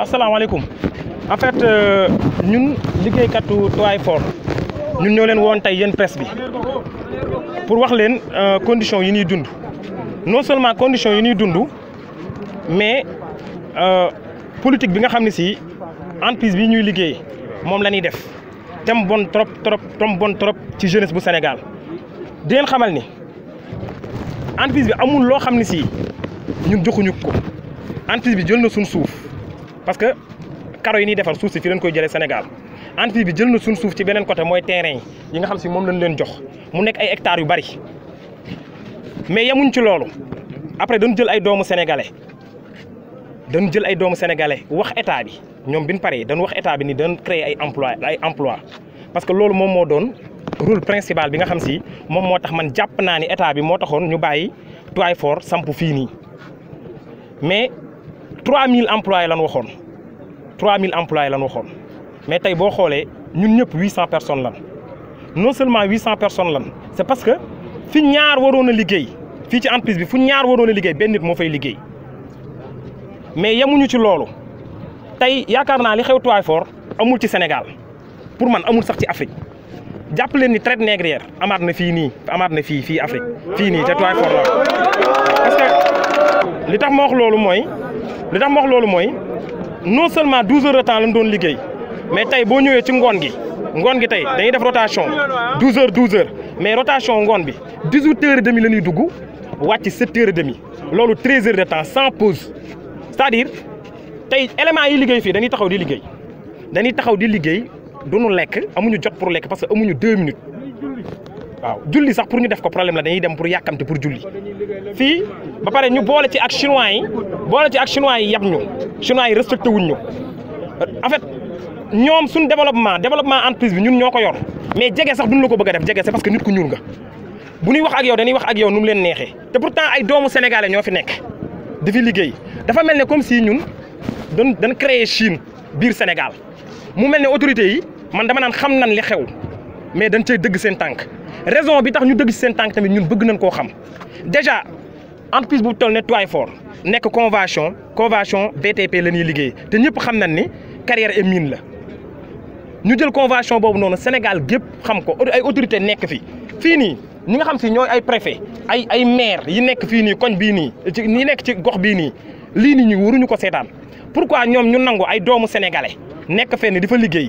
assalamu alaykum en fait euh, ñun katou toy Fort ñun ñoo leen woon tay pour voir les euh, conditions yi non seulement conditions yi mais euh, politique bi nga si entreprise bi ñuy la def bon trop trop tom bon trop ci jeunesse bu Sénégal di xamal ni entreprise bi amul lo xamni si ñun joxuñu ko entreprise bi jël parce que karo yi ñuy defar suuf si fi leen koy jëlee Sénégal entreprise bi jël na sun souf ci benen côté moy terrain yi nga xam si mom lañ leen jox mu nek ay hectares yu bari mais yamuñ ci lolu après dañu jël ay doomu sénégalais dañu jël ay doomu sénégalais wax état bi ñom bi paré dañu wax état bi ni dañu créer ay emploi ay emploi parce que lolu mom mo doon rôle principal bi nga xam si mom mo tax man japp na ni état bi mo taxone ñu bàyyi Touay Fort samp fii mais 3000 employés lan waxone 3000 employés lan waxone mais tay bo xolé ñun ñëpp 800 personnes lan non seulement 800 personnes lan c'est parce que fi ñaar warona a liggéey fii ci entreprise bi fu ñaar warona a liggéey benn nit mo fay liggéey mais yamuñu ci lolu tay yakarna li xew Twyford amul ci Sénégal pour man amul sax ci Afrique jàpp leen ni traite négrière amaat na fi ni amaat na fi fi Afrique fi ni te Twyford la parce que li tax ma wax lolu moy li tax ma wax lolu moy non seulement 12 heures de temps lañ doon liggéey mais tay bo ñëwee ci ngone gi ngone gi tay dañuy def rotation 12 heures 12 heures mais rotation ngone bi 18 heures et demi la dugg wàcc 7 heures et demi lolu 13 heures de temps sans pause c'est-à-dire tay élément yi liggéey fi dañuy taxaw di liggéey dañuy taxaw di liggéey duñu lekk amuñu jot pour lekk parce que amuñu 2 minutes waaw julli sax pour ñu def ko problème la dañuy dem pour yàkkamte pour julli fi ba paré ñu bolé ci ak chinois yi bolé ci ak chinois yi yab ñu chinois yi respecté wuñ ñu en fait ñom suñ développement développement entreprise bi ñun ñoko yor mais jege sax duñ la ko bëgg def jege c'est parce que nit ku ñuur nga bu ñuy wax ak yow dañuy wax ak yow nu leen nexé té pourtant ay doomu sénégalais ñoo fi nekk di fi liggéey dafa melni comme si ñun dañ créer Chine biir Sénégal mu melni autorité yi man dama naan xam nan li xew mais dañ cay deug sen tank raison bi tax ñu dëgg sen tank tamit ñun bëgg nañ ko xam déjà entreprise bu toll ne Twyford nekk convention convention BTP la ñuy liggéey té ñëpp xam nañ ni carrière et mine la ñu jël convention bobu noonu Sénégal gëpp xam ko ay autorité nek fi fini nii ñi nga xam si ñooy ay préfet ay ay maire yi nek fii nii koñ bi ni ni nek ci gox bi ni li ni ñu waruñu ko seetaan pourquoi ñom ñu nangu ay doomu sénégalais nek fenn di fa liggéey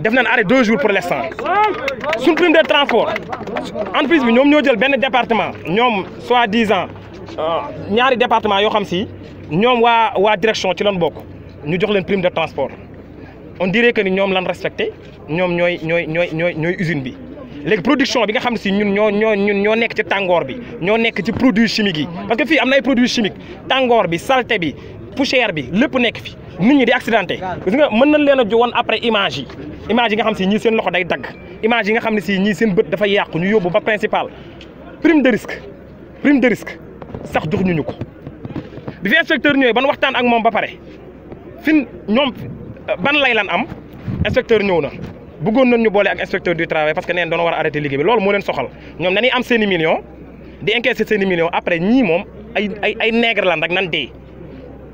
def nañ arrêt deux jours pour l'instant une prime de transport entreprise bi ñoom ñoo jël département euh, département xam si direction ci lan ñu prime de transport on dirait que ni ñoom lan respecté nous ñooy ñooy ñooy usine production bi nga xam si ñun ñoo ñun nekk produits chimiques parce que bi poussière nit ñi di accidenté gis nga mën nañ leen a après image yi image yi nga xam si ñii seen loxo day dagg image yi nga xam ne si ñii seen bët dafa yàqu ñu yóbbu ba principal prime de risque prime de risque sax jox ñu ñu ko bi fi inspecteur ñëwee ban waxtaan ak moom ba pare fin ñoom euh, ban lay lan am inspecteur ñëw na bëggoon nañ ñu boole ak inspecteur du travail parce que neen doona war a arrêté liggéey bi loolu moo leen soxal ñoom dañuy am seen i millions di encaisser seen i millions après ñii moom ay ay ay nègre lan rek nan dee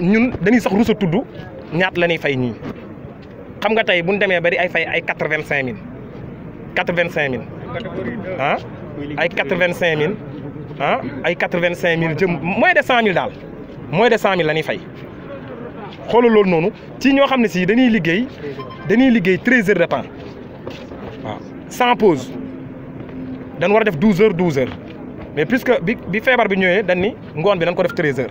ñun dañuy sax tudd ñaat fay xam nga ay fay ay 85.000. 85.000, ah? ay ah? ay moins de 100.000. mille moins de 100.000 mille fay ci si heures de temps sans pause dañ wara def heures 12 heures mais puisque bi bi bi dañ ni bi heures.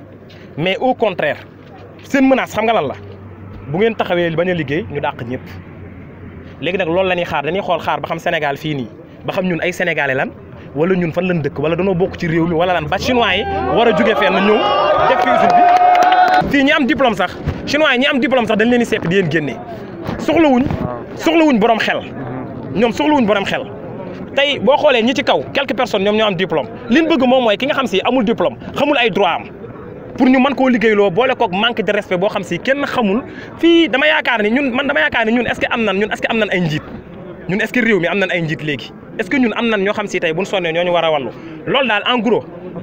mais au contraire seen menace xam nga lan la bu ngeen taxawé baña liggéey ñu dàq ñëpp légui nak loolu lañuy xaar dañuy xool xaar ba xam Sénégal fi ni ba xam ñun ay sénégalais lan wala ñun fan lañ dëkk wala danoo bokku ci réew mi wala lan ba chinois yi war a jóge fenn ñëw def fi usine bi fii ñi am diplôme sax chinois yi ñi am diplôme sax dañ leen di sepp di leen génne soxlawuñ soxlawuñ borom xel ñoom soxlawuñ borom xel tey boo xoolee ñi ci kaw quelques personnes ñoom ñoo am diplôme liñ bëgg moom mooy ki nga xam si amul diplôme xamul ay droit am pour ñu mën koo liggéeyloo boole koog manque de respect boo xam si kenn xamul fii dama yaakaar ni ñun man dama yaakaar ni ñun est-ce que am nan ñun est-ce que am nan ay njiit ñun est réew mi am nan ay njiit léegi est-ce que ñun am nan ñoo xam si tey buñ sonnee ñoo ñu war a wallu loolu daal en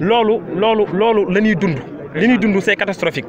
loolu loolu loolu la ñuy dund li ñuy dund c'est catastrophique